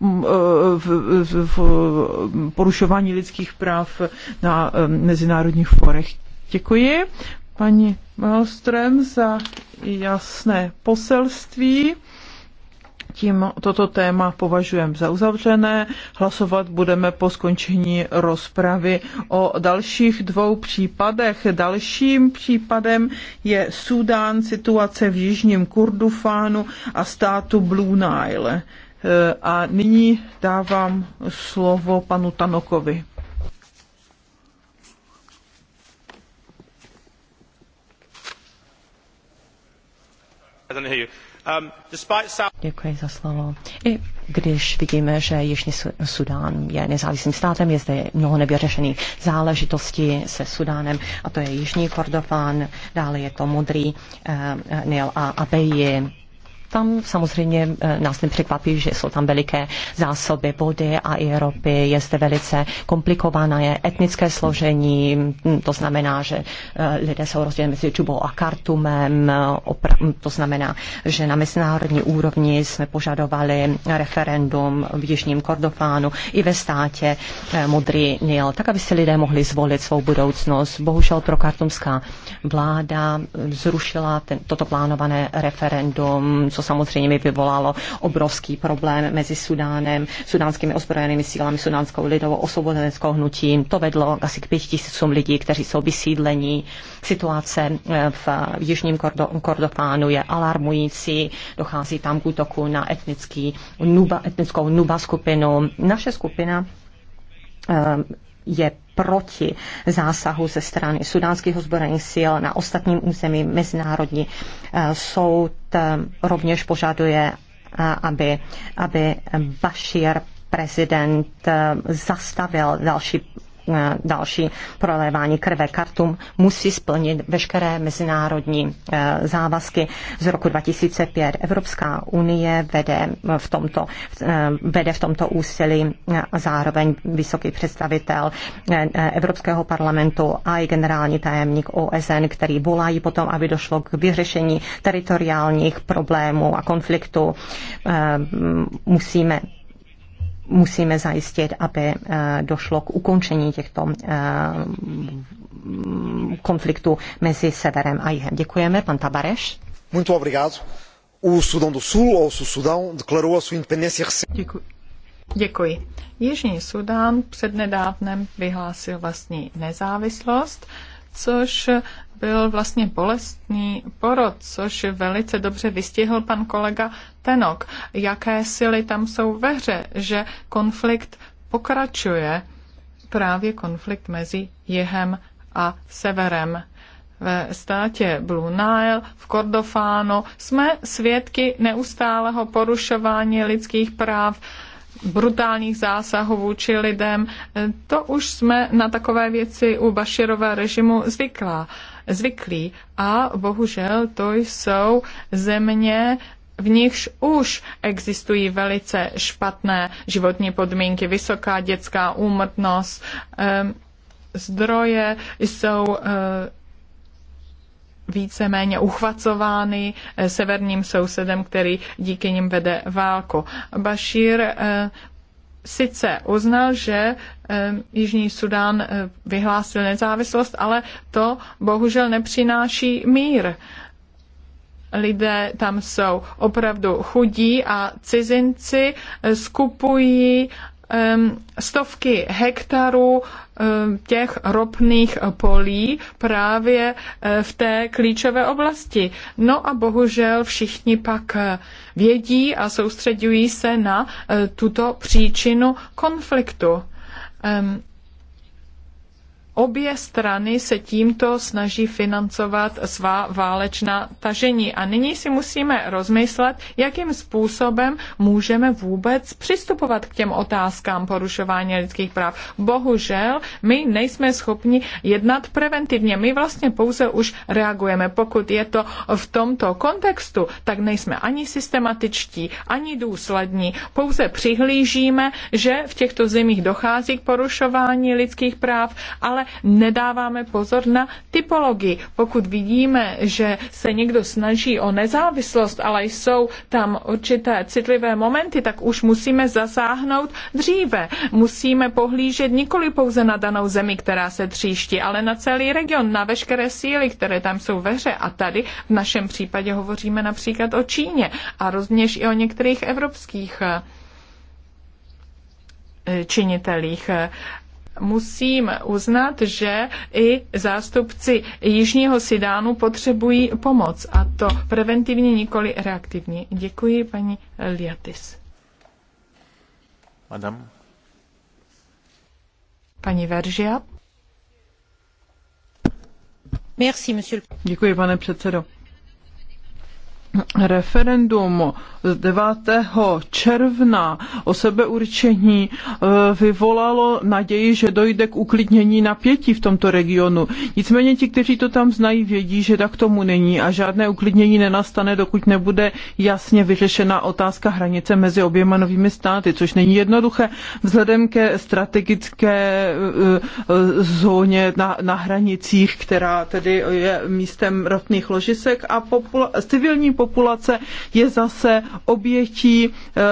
E, v, v porušování lidských práv na e, mezinárodních forech. Děkuji paní Malström za jasné poselství. Tím toto téma považujeme za uzavřené. Hlasovat budeme po skončení rozpravy o dalších dvou případech. Dalším případem je Súdán, situace v jižním Kurdufánu a státu Blue Nile. Eh, a nyní dávám slovo panu Tanokovi. Um, Děkuji za slovo. I když vidíme, že Jižní Sudán je nezávislým státem, je zde mnoho nevyřešených záležitostí se Sudánem, a to je Jižní Kordofán, dále je to Modrý eh, Nil a Abeji, tam samozřejmě eh, nás nepřekvapí, že jsou tam veliké zásoby vody a i ropy. Je zde velice komplikované etnické složení, hm, to znamená, že eh, lidé jsou rozděleni mezi Čubou a Kartumem, eh, hm, to znamená, že na mezinárodní úrovni jsme požadovali referendum v Jižním Kordofánu i ve státě Modrý Nil, tak aby si lidé mohli zvolit svou budoucnost. Bohužel pro kartumská vláda zrušila ten, toto plánované referendum, co samozřejmě mi vyvolalo obrovský problém mezi Sudánem, sudánskými ozbrojenými sílami, sudánskou lidovou osvobodenskou hnutím. To vedlo asi k pěti tisícům lidí, kteří jsou vysídlení. Situace eh, v jižním Kordofánu je alarmující, dochází tam k útoku na etnický, nuba, etnickou nuba skupinu. Naše skupina eh, je proti zásahu ze strany sudánských ozbrojených sil na ostatním území. Mezinárodní eh, soud eh, rovněž požaduje, eh, aby, aby Bashir prezident zastavil další další prolévání krve. Kartum musí splnit veškeré mezinárodní eh, závazky z roku 2005. Evropská unie vede eh, v tomto, eh, vede v tomto úsilí a zároveň vysoký představitel Evropského parlamentu a i generální tajemník OSN, který volají potom, aby došlo k vyřešení teritoriálních problémů a konfliktu, Musíme musíme zajistit, aby eh, došlo k ukončení těchto eh, konfliktů mezi severem a jihem. Děkujeme, pan Tabareš. Muito obrigado. O Sudão do Sul, ou Sudão, declarou a sua independência recente. Děkuji. Děkuji. Jižní Sudán přednedávnem vyhlásil vlastní nezávislost, což byl vlastně bolestný porod, což velice dobře vystihl pan kolega Tenok. Jaké síly tam jsou ve hře, že konflikt pokračuje, právě konflikt mezi jihem a severem ve státě Blue Nile, v Kordofánu, jsme svědky neustálého porušování lidských práv, brutálních zásahů vůči lidem. To už jsme na takové věci u Baširova režimu zvyklá zvyklí. A bohužel to jsou země, v nichž už existují velice špatné životní podmínky, vysoká dětská úmrtnost, zdroje jsou eh, víceméně uchvacovány eh, severním sousedem, který díky nim vede válku. Bashir eh, sice uznal, že Jižní Sudán vyhlásil nezávislost, ale to bohužel nepřináší mír. Lidé tam jsou opravdu chudí a cizinci eh, skupují stovky hektarů těch ropných polí právě eh, v té klíčové oblasti. No a bohužel všichni pak eh, vědí a soustředují se na eh, tuto příčinu konfliktu obě strany se tímto snaží financovat svá válečná tažení. A nyní si musíme rozmyslet, jakým způsobem můžeme vůbec přistupovat k těm otázkám porušování lidských práv. Bohužel my nejsme schopni jednat preventivně. My vlastně pouze už reagujeme. Pokud je to v tomto kontextu, tak nejsme ani systematičtí, ani důslední. Pouze přihlížíme, že v těchto zemích dochází k porušování lidských práv, ale nedáváme pozor na typologii. Pokud vidíme, že se někdo snaží o nezávislost, ale jsou tam určité citlivé momenty, tak už musíme zasáhnout dříve. Musíme pohlížet nikoli pouze na danou zemi, která se tříští, ale na celý region, na veškeré síly, které tam jsou ve hře. A tady v našem případě hovoříme například o Číně a rovněž i o některých evropských eh, činitelích musím uznat, že i zástupci Jižního Sidánu potřebují pomoc a to preventivně, nikoli reaktivně. Děkuji, paní Liatis. Madam. Pani Veržia. Merci, monsieur. Děkuji, pane předsedo referendum z 9. června o sebeurčení e, vyvolalo naději, že dojde k uklidnění napětí v tomto regionu. Nicméně ti, kteří to tam znají, vědí, že tak tomu není a žádné uklidnění nenastane, dokud nebude jasně vyřešena otázka hranice mezi oběma novými státy, což není jednoduché vzhledem ke strategické e, e, zóně na, na hranicích, která tedy je místem rotných ložisek a popula- civilní populace populace je zase obětí eh,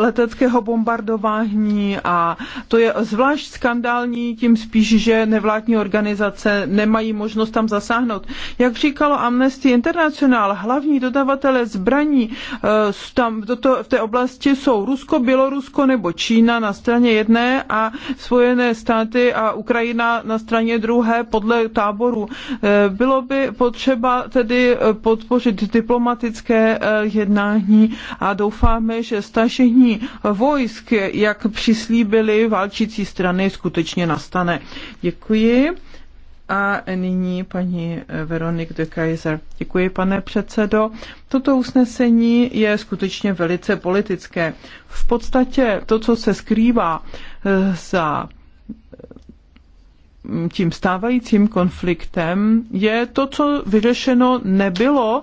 leteckého bombardování a to je zvlášť skandální, tím spíš, že nevládní organizace nemají možnost tam zasáhnout. Jak říkalo Amnesty International, hlavní dodavatele zbraní eh, tam, v té oblasti jsou Rusko, Bělorusko nebo Čína na straně jedné a Spojené státy a Ukrajina na straně druhé podle táboru. Eh, bylo by potřeba tedy podpořit diplomatické politické eh, jednání a doufáme, že stažení vojsk, jak přislíbili válčící strany, skutečně nastane. Děkuji. A nyní paní eh, Veronik de Kaiser. Děkuji, pane předsedo. Toto usnesení je skutečně velice politické. V podstatě to, co se skrývá eh, za tím stávajícím konfliktem, je to, co vyřešeno nebylo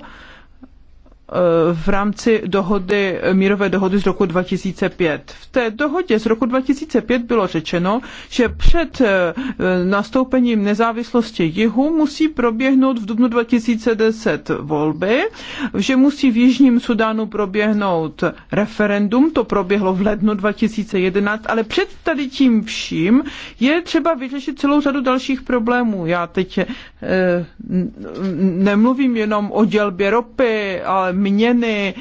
Eh, v rámci dohody, mírové dohody z roku 2005. V té dohodě z roku 2005 bylo řečeno, že před eh, nastoupením nezávislosti jihu musí proběhnout v dubnu 2010 volby, že musí v Jižním Sudánu proběhnout referendum, to proběhlo v lednu 2011, ale před tady tím vším je třeba vyřešit celou řadu dalších problémů. Já teď eh, nemluvím jenom o dělbě ropy, ale měny, eh,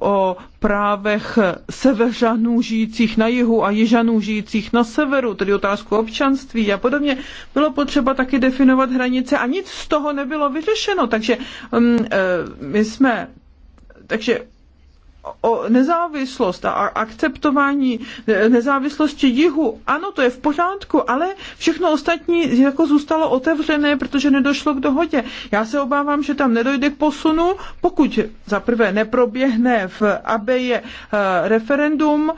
o právech severžanů žijících na jihu a jižanů žijících na severu, tedy otázku občanství a podobně, bylo potřeba taky definovat hranice a nic z toho nebylo vyřešeno. Takže mm, eh, my jsme, takže o nezávislost a akceptování nezávislosti jihu, ano, to je v pořádku, ale všechno ostatní jako zůstalo otevřené, protože nedošlo k dohodě. Já se obávám, že tam nedojde k posunu, pokud zaprvé neproběhne v Abeje eh, referendum,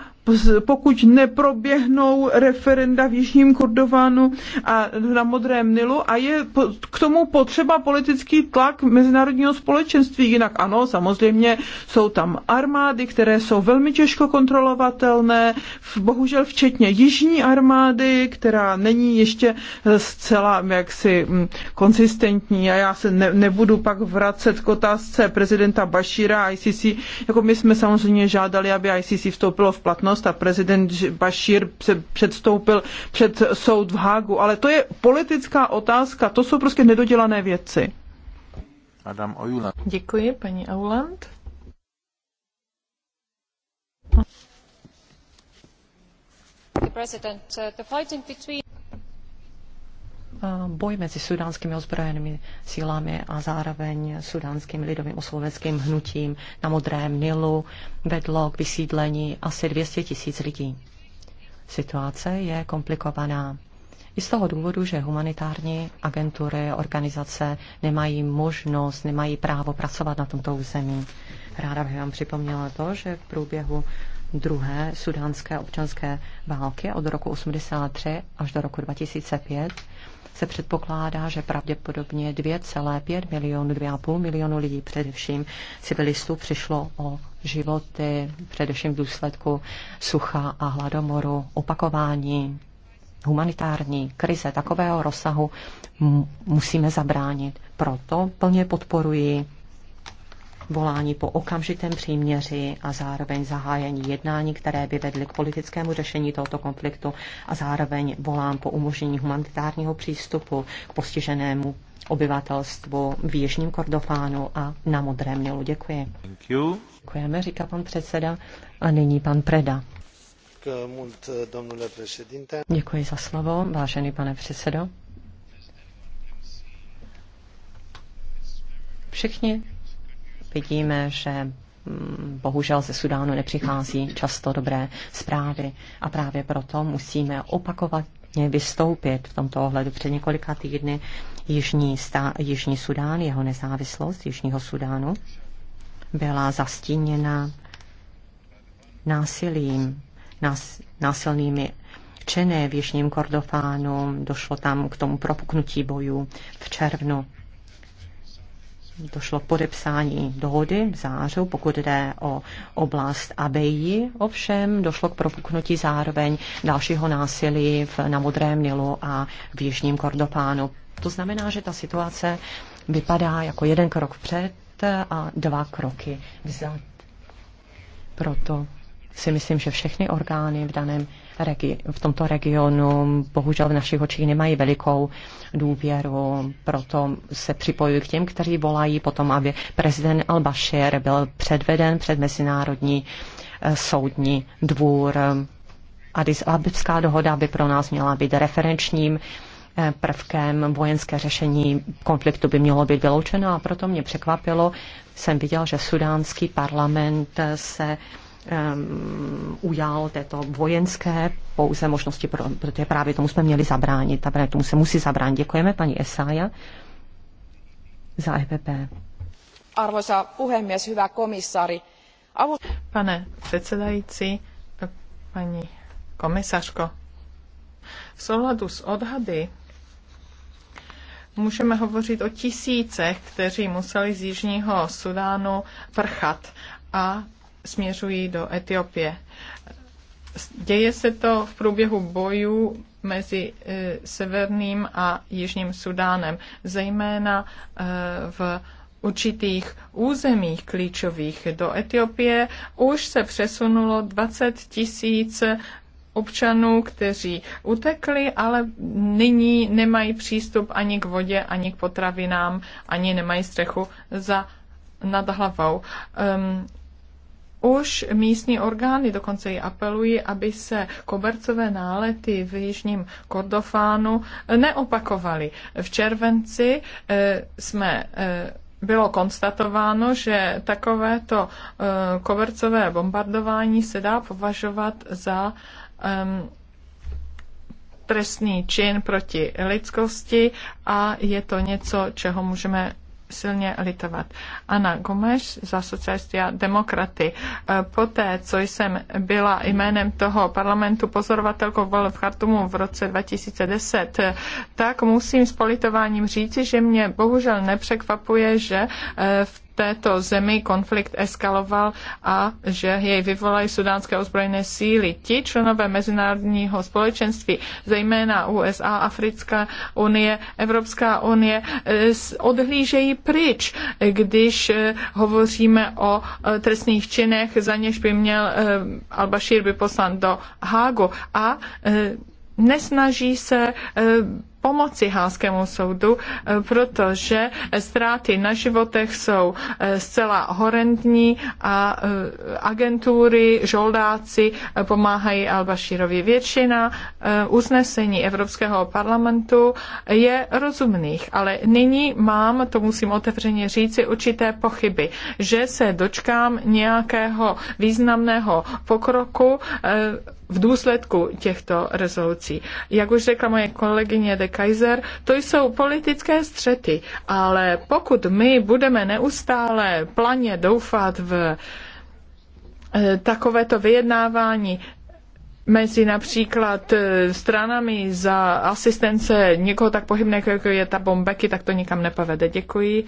pokud neproběhnou referenda v Jižním Kurdovánu a na Modrém Nilu a je k tomu potřeba politický tlak mezinárodního společenství. Jinak ano, samozřejmě jsou tam armády, které jsou velmi těžko kontrolovatelné, bohužel včetně Jižní armády, která není ještě zcela jaksi mm, konsistentní a já se ne, nebudu pak vracet k otázce prezidenta Bašíra a ICC, jako my jsme samozřejmě žádali, aby ICC vstoupilo v platnost, spravedlnost a prezident Bashir předstoupil před soud v Hágu. Ale to je politická otázka, to jsou prostě nedodělané věci. Adam Ojuland. Děkuji, paní Auland. The president, uh, the fighting between boj mezi sudánskými ozbrojenými sílami a zároveň sudánským lidovým oslovenským hnutím na Modrém Nilu vedlo k vysídlení asi 200 tisíc lidí. Situace je komplikovaná. I z toho důvodu, že humanitární agentury, organizace nemají možnost, nemají právo pracovat na tomto území. Ráda bych vám připomněla to, že v průběhu druhé sudánské občanské války od roku 83 až do roku 2005 se předpokládá, že pravděpodobně 2,5 milionu, 2,5 milionu lidí, především civilistů, přišlo o životy, především v důsledku sucha a hladomoru, opakování humanitární krize takového rozsahu musíme zabránit. Proto plně podporuji volání po okamžitém příměři a zároveň zahájení jednání, které by vedly k politickému řešení tohoto konfliktu a zároveň volám po umožnění humanitárního přístupu k postiženému obyvatelstvu v Jižním Kordofánu a na Modrém Nilu. Děkuji. Thank you. Děkujeme, říká pan předseda. A nyní pan Preda. Děkuji za slovo, vážený pane předsedo. Všichni vidíme, že mm, bohužel ze Sudánu nepřichází často dobré zprávy a právě proto musíme opakovat vystoupit v tomto ohledu. Před několika týdny Jižní, stá, Jižní Sudán, jeho nezávislost Jižního Sudánu, byla zastíněna násilím, nás, násilnými čeny v Jižním Kordofánu. Došlo tam k tomu propuknutí bojů v červnu došlo k podepsání dohody v zářu, pokud jde o oblast Abeji. Ovšem došlo k propuknutí zároveň dalšího násilí v, na Modrém Nilu a v Jižním Kordopánu. To znamená, že ta situace vypadá jako jeden krok vpřed a dva kroky vzad. Proto si myslím, že všechny orgány v daném regi- v tomto regionu bohužel v našich očích nemají velikou důvěru, proto se připojuji k těm, kteří volají potom, aby prezident al-Bashir byl předveden před Mezinárodní eh, soudní dvůr. Addis Abibská dohoda by pro nás měla být referenčním eh, prvkem vojenské řešení konfliktu by mělo být vyloučeno a proto mě překvapilo, jsem viděl, že sudánský parlament eh, se um, ujal této vojenské pouze možnosti, pro, protože právě tomu jsme měli zabránit a právě tomu se musí zabránit. Děkujeme paní Esája za EPP. Arvoisa puhemies, hyvä komisari. Avu... Pane předsedající, paní komisařko, v souladu s odhady můžeme hovořit o tisícech, kteří museli z Jižního Sudánu prchat a směřují do Etiopie. Děje se to v průběhu bojů mezi e, Severním a Jižním Sudánem, zejména e, v určitých územích klíčových do Etiopie už se přesunulo 20 tisíc občanů, kteří utekli, ale nyní nemají přístup ani k vodě, ani k potravinám, ani nemají střechu za nad hlavou. Ehm, už místní orgány dokonce i apelují, aby se kobercové nálety v jižním Kordofánu neopakovaly. V červenci eh, jsme eh, bylo konstatováno, že takovéto eh, kobercové bombardování se dá považovat za ehm, trestný čin proti lidskosti a je to něco, čeho můžeme silně litovat. Ana Gomeš za socialisty a demokraty. E, poté, co jsem byla jménem toho parlamentu pozorovatelkou vol v Chartumu v roce 2010, e, tak musím s politováním říci, že mě bohužel nepřekvapuje, že e, v této zemi konflikt eskaloval a že jej vyvolají sudánské ozbrojené síly. Ti členové mezinárodního společenství, zejména USA, Africká unie, Evropská unie, eh, odhlížejí pryč, když eh, hovoříme o eh, trestných činech, za něž by měl Al-Bashir by poslan do Hágu a nesnaží se pomoci Hánskému soudu, e, protože ztráty na životech jsou e, zcela horentní a e, agentury, žoldáci pomáhají al Většina usnesení Evropského parlamentu je rozumných, ale nyní mám, to musím otevřeně říci, určité pochyby, že se dočkám nějakého významného pokroku v důsledku těchto rezolucí. Jak už řekla moje kolegyně de Kaiser, to jsou politické střety, ale pokud my budeme neustále planě doufat v eh, takovéto vyjednávání, mezi například eh, stranami za asistence někoho tak pohybného, jako je ta bombeky, tak to nikam nepovede. Děkuji.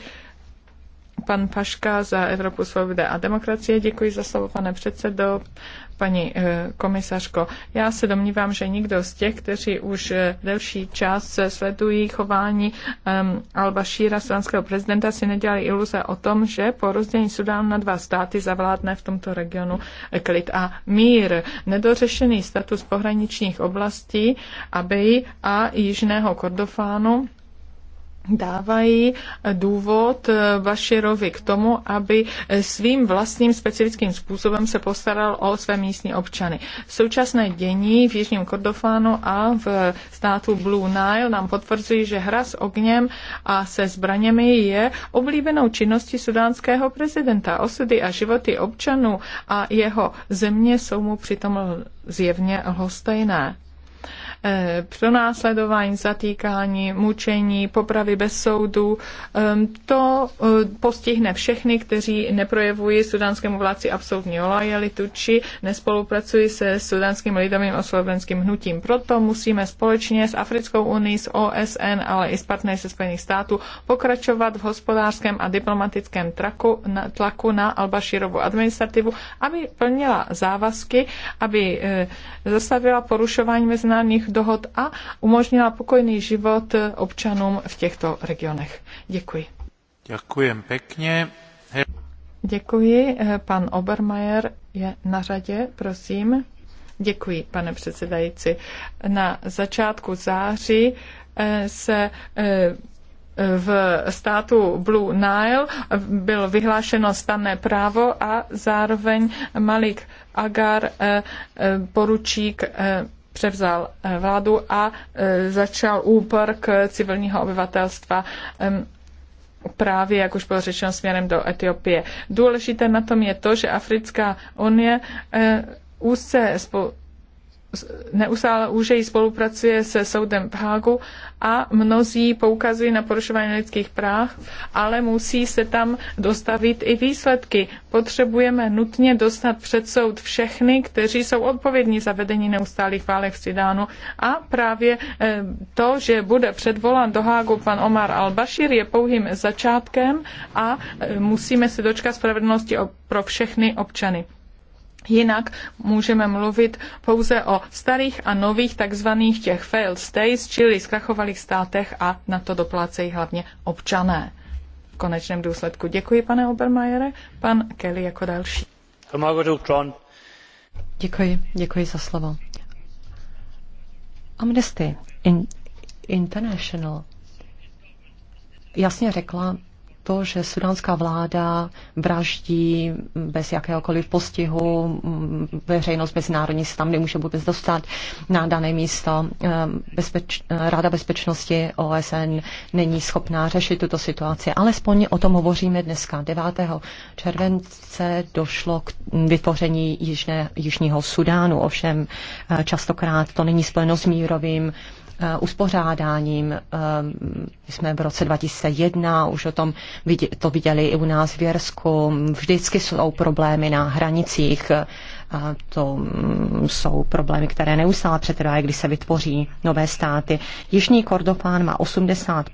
Pan Paška za Evropu svobody a demokracie. Děkuji za slovo, pane předsedo. Paní eh, komisařko, já se domnívám, že nikdo z těch, kteří už eh, delší čas sledují chování um, ehm, Al-Bashira, sudánského prezidenta, si nedělali iluze o tom, že po rozdělení Sudánu na dva státy zavládne v tomto regionu eh, klid a mír. Nedořešený status pohraničních oblastí aby a Jižného Kordofánu dávají důvod eh, Baširovi k tomu, aby eh, svým vlastním specifickým způsobem se postaral o své místní občany. Současné dění v Jižním Kordofánu a v státu Blue Nile nám potvrzují, že hra s ogněm a se zbraněmi je oblíbenou činností sudánského prezidenta. Osudy a životy občanů a jeho země jsou mu přitom zjevně lhostejné. Eh, pronásledování, zatýkání, mučení, popravy bez soudu. To eh, postihne všechny, kteří neprojevují sudánskému vládci absolutní lojalitu či nespolupracují se sudánským lidovým oslovenským hnutím. Proto musíme společně s Africkou unii, s OSN, ale i s partnery se Spojených států pokračovat v hospodářském a diplomatickém traku, na, tlaku na Albašírovu administrativu, aby plnila závazky, aby eh, zastavila porušování mezinárodních dohod a umožnila pokojný život občanům v těchto regionech. Děkuji. Děkujem pěkně. Děkuji. Eh, pan Obermajer je na řadě, prosím. Děkuji, pane předsedající. Na začátku září eh, se eh, v státu Blue Nile bylo vyhlášeno stanné právo a zároveň Malik Agar, poručík převzal eh, vládu a eh, začal k civilního obyvatelstva právě, jak už bylo řečeno, směrem do Etiopie. Důležité na tom je to, že Africká unie eh, úzce spolu neustále úžeji spolupracuje se soudem v Hágu a mnozí poukazují na porušování lidských práv, ale musí se tam dostavit i výsledky. Potřebujeme nutně dostat před soud všechny, kteří jsou odpovědní za vedení neustálých válek v Sidánu. A právě eh, to, že bude předvolán do Hágu pan Omar al-Bashir, je pouhým začátkem a eh, musíme se dočkat spravedlnosti pro všechny občany. Jinak můžeme mluvit pouze o starých a nových takzvaných těch failed states, čili zkrachovalých státech a na to doplácejí hlavně občané. V konečném důsledku děkuji, pane Obermajere, pan Kelly jako další. Děkuji, děkuji za slovo. Amnesty International jasně řekla, to, že sudánská vláda vraždí bez jakéhokoliv postihu mm, veřejnost mezinárodní se tam nemůže vůbec dostat na dané místo. Ehm, bezpeč, Rada bezpečnosti OSN není schopná řešit tuto situaci. Alespoň o tom hovoříme dneska. 9. července došlo k vytvoření Jižné, Jižního Sudánu, ovšem eh, častokrát to není spojeno s mírovým Eh, uspořádáním. Ehm, my jsme v roce 2001 už o tom to viděli i u nás v Jersku. Vždycky jsou problémy na hranicích. A to mm, jsou problémy, které neustále přetrvají, když se vytvoří nové státy. Jižní Kordofán má 80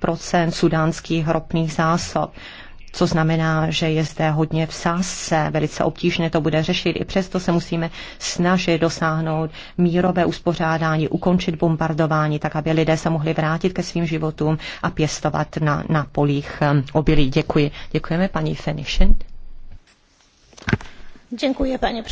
sudánských ropných zásob co znamená, že je zde hodně v sásce, velice obtížné to bude řešit. I přesto se musíme snažit dosáhnout mírové uspořádání, ukončit bombardování, tak aby lidé se mohli vrátit ke svým životům a pěstovat na, na polích um, obilí. Děkuji. Děkujeme paní Fenishin. Děkuji, pane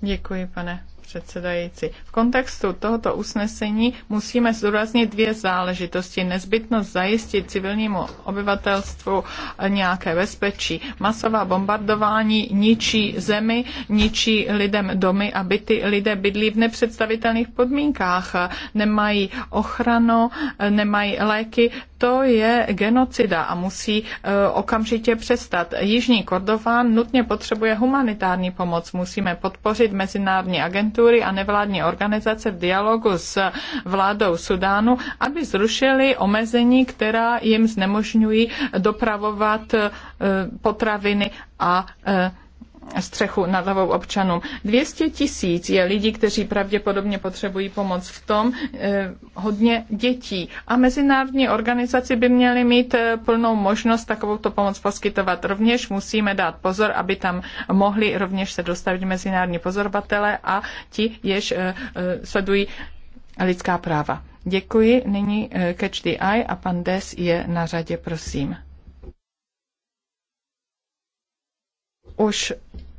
Děkuji, pane předsedající. V kontextu tohoto usnesení musíme zdůraznit dvě záležitosti. Nezbytnost zajistit civilnímu obyvatelstvu nějaké bezpečí. Masová bombardování ničí zemi, ničí lidem domy a byty. Lidé bydlí v nepředstavitelných podmínkách. Nemají ochranu, nemají léky, to je genocida a musí e, okamžitě přestat. Jižní Kordován nutně potřebuje humanitární pomoc. Musíme podpořit mezinárodní agentury a nevládní organizace v dialogu s vládou Sudánu, aby zrušili omezení, která jim znemožňují dopravovat e, potraviny a e, střechu nad hlavou občanům. 200 tisíc je lidí, kteří pravděpodobně potřebují pomoc v tom, eh, hodně dětí. A mezinárodní organizaci by měly mít eh, plnou možnost takovouto pomoc poskytovat. Rovněž musíme dát pozor, aby tam mohli rovněž se dostavit mezinárodní pozorovatele a ti, jež eh, sledují lidská práva. Děkuji. Nyní Catch the Eye a pan Des je na řadě, prosím. Už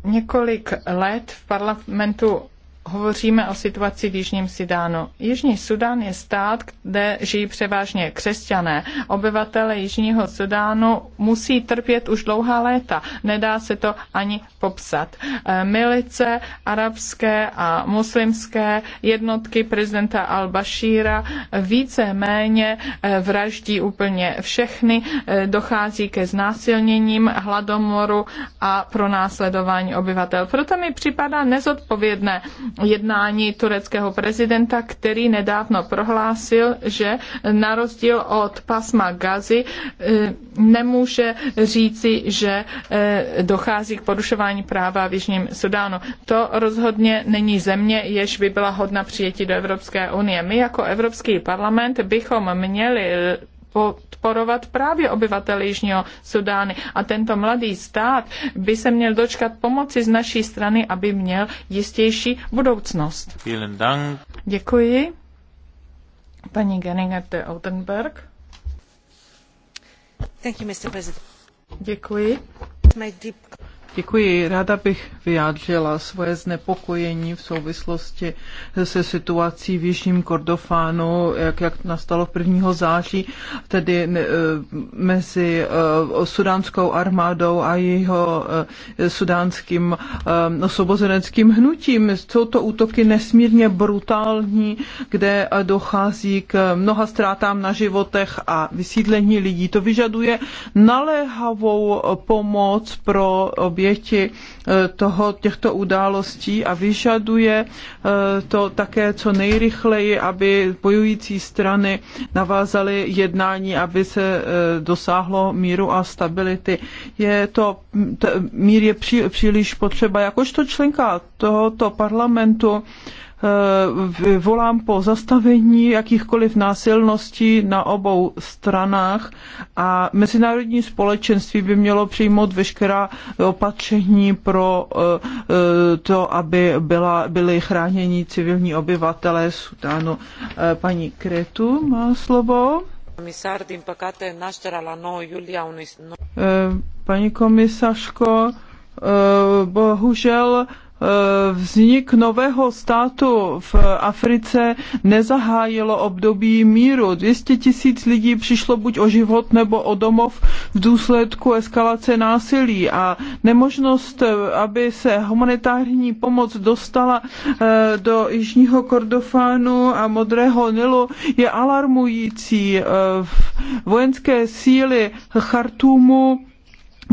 několik let v parlamentu hovoříme o situaci v Jižním Sudánu. Jižní Sudán je stát, kde žijí převážně křesťané. Obyvatele Jižního Sudánu musí trpět už dlouhá léta. Nedá se to ani popsat. E, milice arabské a muslimské jednotky prezidenta al Bashira více méně e, vraždí úplně všechny. E, dochází ke znásilněním, hladomoru a pronásledování obyvatel. Proto mi připadá nezodpovědné jednání tureckého prezidenta, který nedávno prohlásil, že na rozdíl od pasma Gazy eh, nemůže říci, že eh, dochází k porušování práva v Jižním Sudánu. To rozhodně není země, jež by byla hodna přijetí do Evropské unie. My jako Evropský parlament bychom měli podporovat právě obyvatele Jižního Sudány. A tento mladý stát by se měl dočkat pomoci z naší strany, aby měl jistější budoucnost. Děkuji. Paní Genninger de Oldenburg. Thank you, Mr. President. Děkuji. My deep Děkuji. Ráda bych vyjádřila svoje znepokojení v souvislosti se situací v Jižním Kordofánu, jak, jak nastalo 1. září, tedy eh, mezi eh, sudánskou armádou a jeho eh, sudánským osobozeneckým hnutím. Jsou to útoky nesmírně brutální, kde dochází k mnoha ztrátám na životech a vysídlení lidí. To vyžaduje naléhavou pomoc pro obě oběti eh, toho, těchto událostí a vyžaduje eh, to také co nejrychleji, aby bojující strany navázaly jednání, aby se eh, dosáhlo míru a stability. Je to, mír je pří, příliš potřeba. Jakožto členka tohoto parlamentu, Eh, volám po zastavení jakýchkoliv násilností na obou stranách a mezinárodní společenství by mělo přijmout veškerá opatření pro eh, to, aby byla, byly chráněni civilní obyvatelé Sudánu. Eh, paní Kretu má slovo. Paní komisařko, bohužel Eh, vznik nového státu v Africe nezahájilo období míru. 200 tisíc lidí přišlo buď o život nebo o domov v důsledku eskalace násilí a nemožnost, eh, aby se humanitární pomoc dostala eh, do Jižního Kordofánu a Modrého Nilu je alarmující. Vojenské síly Chartumu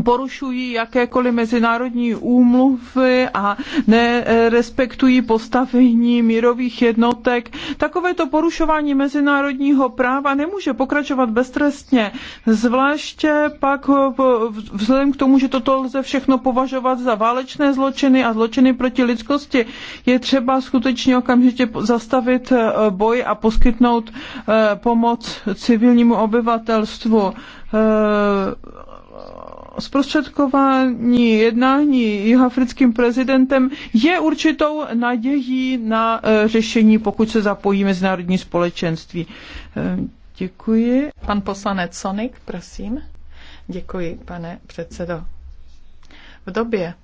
porušují jakékoliv mezinárodní úmluvy a nerespektují postavení mírových jednotek. Takovéto porušování mezinárodního práva nemůže pokračovat beztrestně, zvláště pak vzhledem k tomu, že toto lze všechno považovat za válečné zločiny a zločiny proti lidskosti, je třeba skutečně okamžitě zastavit eh, boj a poskytnout eh, pomoc civilnímu obyvatelstvu eh, zprostředkování jednání jihoafrickým prezidentem je určitou nadějí na e, řešení, pokud se zapojí mezinárodní společenství. E, děkuji. Pan poslanec Sonik, prosím. Děkuji, pane předsedo. V době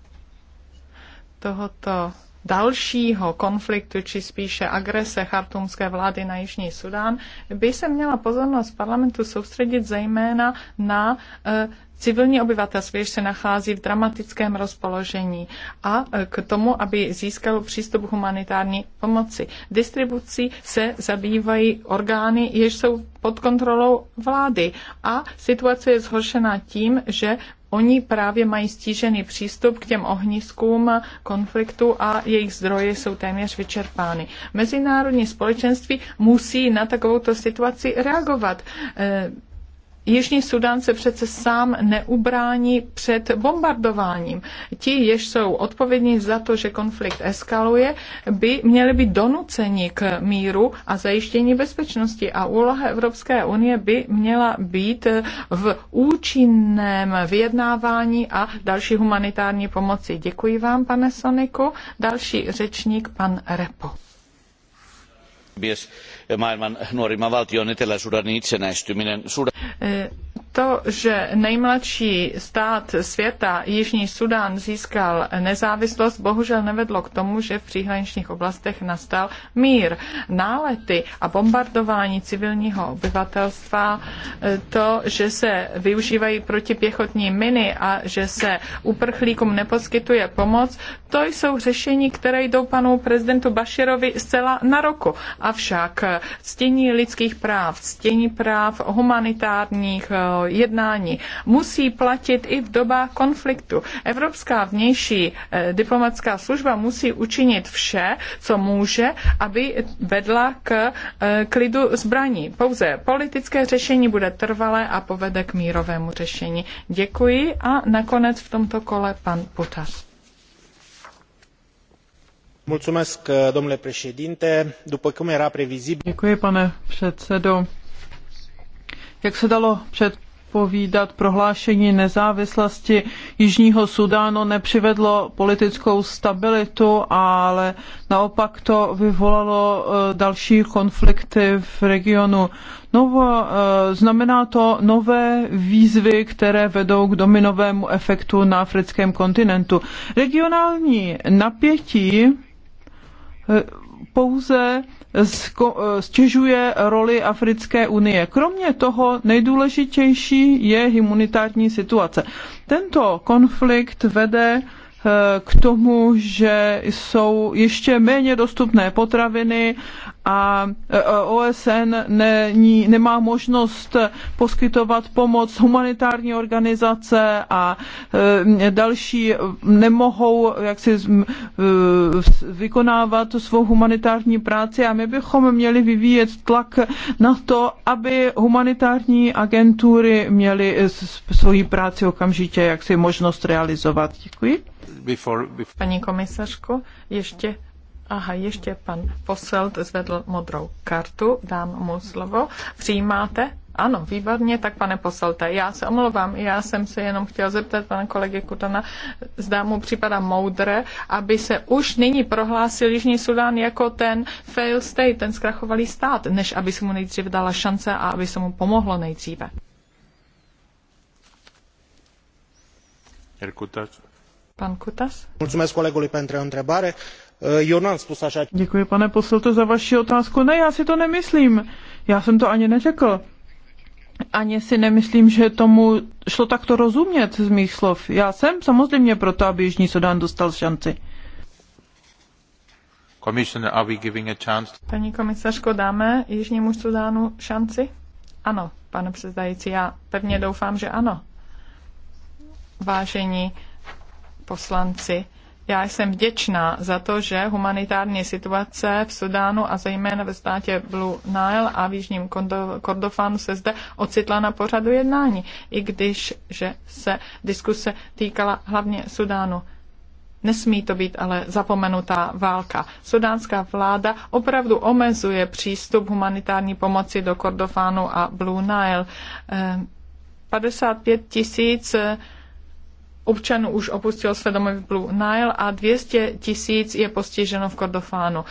tohoto dalšího konfliktu, či spíše agrese chartumské vlády na Jižní Sudán, by se měla pozornost parlamentu soustředit zejména na e, civilní obyvatelství jež se nachází v dramatickém rozpoložení a e, k tomu, aby získalo přístup k humanitární pomoci. Distribucí se zabývají orgány, jež jsou pod kontrolou vlády a situace je zhoršená tím, že Oni právě mají stížený přístup k těm ohniskům konfliktu a jejich zdroje jsou téměř vyčerpány. Mezinárodní společenství musí na takovouto situaci reagovat. E, Jižní Sudan se přece sám neubrání před bombardováním. Ti, jež jsou odpovědní za to, že konflikt eskaluje, by měli být donuceni k míru a zajištění bezpečnosti. A úloha Evropské unie by měla být v účinném vyjednávání a další humanitární pomoci. Děkuji vám, pane Soniku. Další řečník, pan Repo maailman nuorimman valtion etelä sudanin itsenäistyminen e, to, že nejmladší stát světa, Jižní Sudán, získal nezávislost, bohužel nevedlo k tomu, že v příhraničních oblastech nastal mír. Nálety a bombardování civilního obyvatelstva, e, to, že se využívají protipěchotní miny a že se uprchlíkům neposkytuje pomoc, to jsou řešení, které jdou panu prezidentu Bashirovi zcela na roku. Avšak e, ctění lidských práv, ctění práv humanitárních eh, jednání musí platit i v dobách konfliktu. Evropská vnější eh, diplomatická služba musí učinit vše, co může, aby vedla k eh, klidu zbraní. Pouze politické řešení bude trvalé a povede k mírovému řešení. Děkuji a nakonec v tomto kole pan Putař. Děkuji, pane předsedo. Jak se dalo předpovídat, prohlášení nezávislosti Jižního súdánu nepřivedlo politickou stabilitu, ale naopak to vyvolalo eh, další konflikty v regionu. Novo, eh, znamená to nové výzvy, které vedou k dominovému efektu na africkém kontinentu. Regionální napětí pouze stěžuje roli Africké unie. Kromě toho nejdůležitější je humanitární situace. Tento konflikt vede eh, k tomu, že jsou ještě méně dostupné potraviny a OSN není, nemá možnost poskytovat pomoc, humanitární organizace a e, další nemohou jak e, vykonávat svou humanitární práci a my bychom měli vyvíjet tlak na to, aby humanitární agentury měly svoji práci okamžitě jaksi možnost realizovat. Děkuji. Paní komisařko, ještě Aha, ještě pan Poselt zvedl modrou kartu, dám mu slovo. Přijímáte? Ano, výborně, tak pane Poselte, já se omlouvám, já jsem se jenom chtěl zeptat pana kolegy Kutana, Zdá mu připadá moudré, aby se už nyní prohlásil Jižní Sudán jako ten fail state, ten zkrachovalý stát, než aby se mu nejdříve dala šance a aby se mu pomohlo nejdříve. Pan Kutas? Mulțumesc colegului pentru întrebare. Eh, Děkuji, pane poslte, za vaši otázku. Ne, já si to nemyslím. Já jsem to ani neřekl. Ani si nemyslím, že tomu šlo takto rozumět z mých slov. Já jsem samozřejmě proto, aby Jižní Sudán dostal šanci. Paní komisařko, dáme Jižnímu Sudánu šanci? Ano, pane předsedající, já pevně doufám, že ano. Vážení poslanci, já jsem vděčná za to, že humanitární situace v Sudánu a zejména ve státě Blue Nile a v Jižním Kordofánu se zde ocitla na pořadu jednání, i když že se diskuse týkala hlavně Sudánu. Nesmí to být ale zapomenutá válka. Sudánská vláda opravdu omezuje přístup humanitární pomoci do Kordofánu a Blue Nile. 55 ehm, tisíc 000 občanů už opustil své domovy Nile a 200 tisíc je postiženo v Kordofánu. E,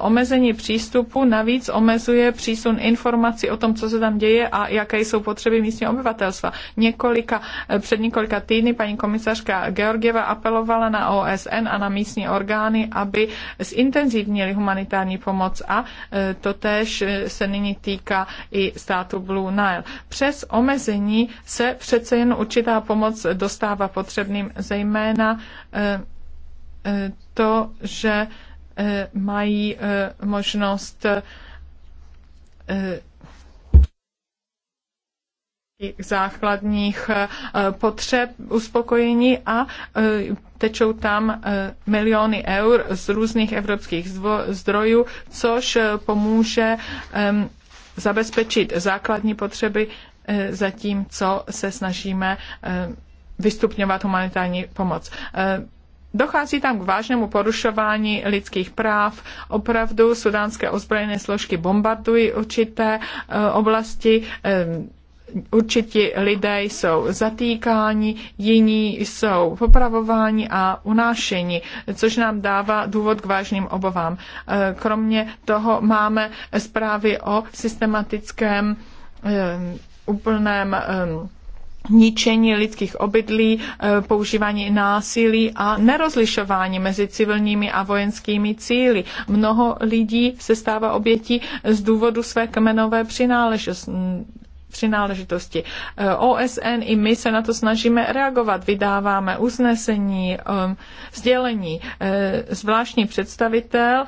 omezení přístupu navíc omezuje přísun informací o tom, co se tam děje a jaké jsou potřeby místního obyvatelstva. Několika, e, před několika týdny paní komisařka Georgieva apelovala na OSN a na místní orgány, aby zintenzivnili humanitární pomoc a e, to též se nyní týká i státu Blue Nile. Přes omezení se přece jen určitá pomoc dostává potřeba potřebným, zejména eh, eh, to, že eh, mají možnost základních potřeb uspokojení a tečou tam miliony eur z různých evropských zdrojů, což pomůže zabezpečit základní potřeby, zatímco se snažíme vystupňovat humanitární pomoc. E, dochází tam k vážnému porušování lidských práv. Opravdu sudánské ozbrojené složky bombardují určité e, oblasti. E, Určitě lidé jsou zatýkáni, jiní jsou popravováni a unášeni, což nám dává důvod k vážným obavám. Kromě toho máme zprávy o systematickém úplném ničení lidských obydlí, eh, používání násilí a nerozlišování mezi civilními a vojenskými cíly. Mnoho lidí se stává obětí z důvodu své kmenové přináležitosti. Eh, OSN i my se na to snažíme reagovat. Vydáváme usnesení, ehm, sdělení. Eh, zvláštní představitel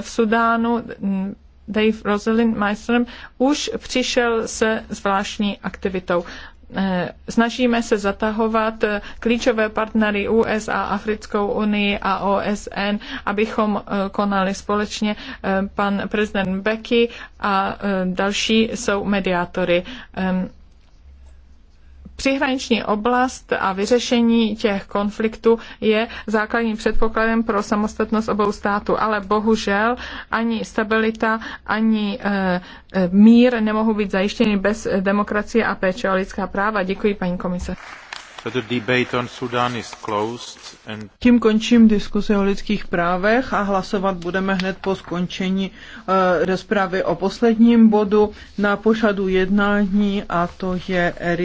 v Sudánu mm, Dave Rosalind Meistrem už přišel se zvláštní aktivitou. Eh, snažíme se zatahovat eh, klíčové partnery USA, Africkou unii a OSN, abychom eh, konali společně. Pan prezident Becky a další jsou mediátory. Přihraniční oblast a vyřešení těch konfliktů je základním předpokladem pro samostatnost obou států, ale bohužel ani stabilita, ani eh, eh, mír nemohou být zajištěny bez demokracie a péče o lidská práva. Děkuji, paní komise. And... Tím končím diskusi o lidských právech a hlasovat budeme hned po skončení uh, rozpravy o posledním bodu na pořadu jednání a to je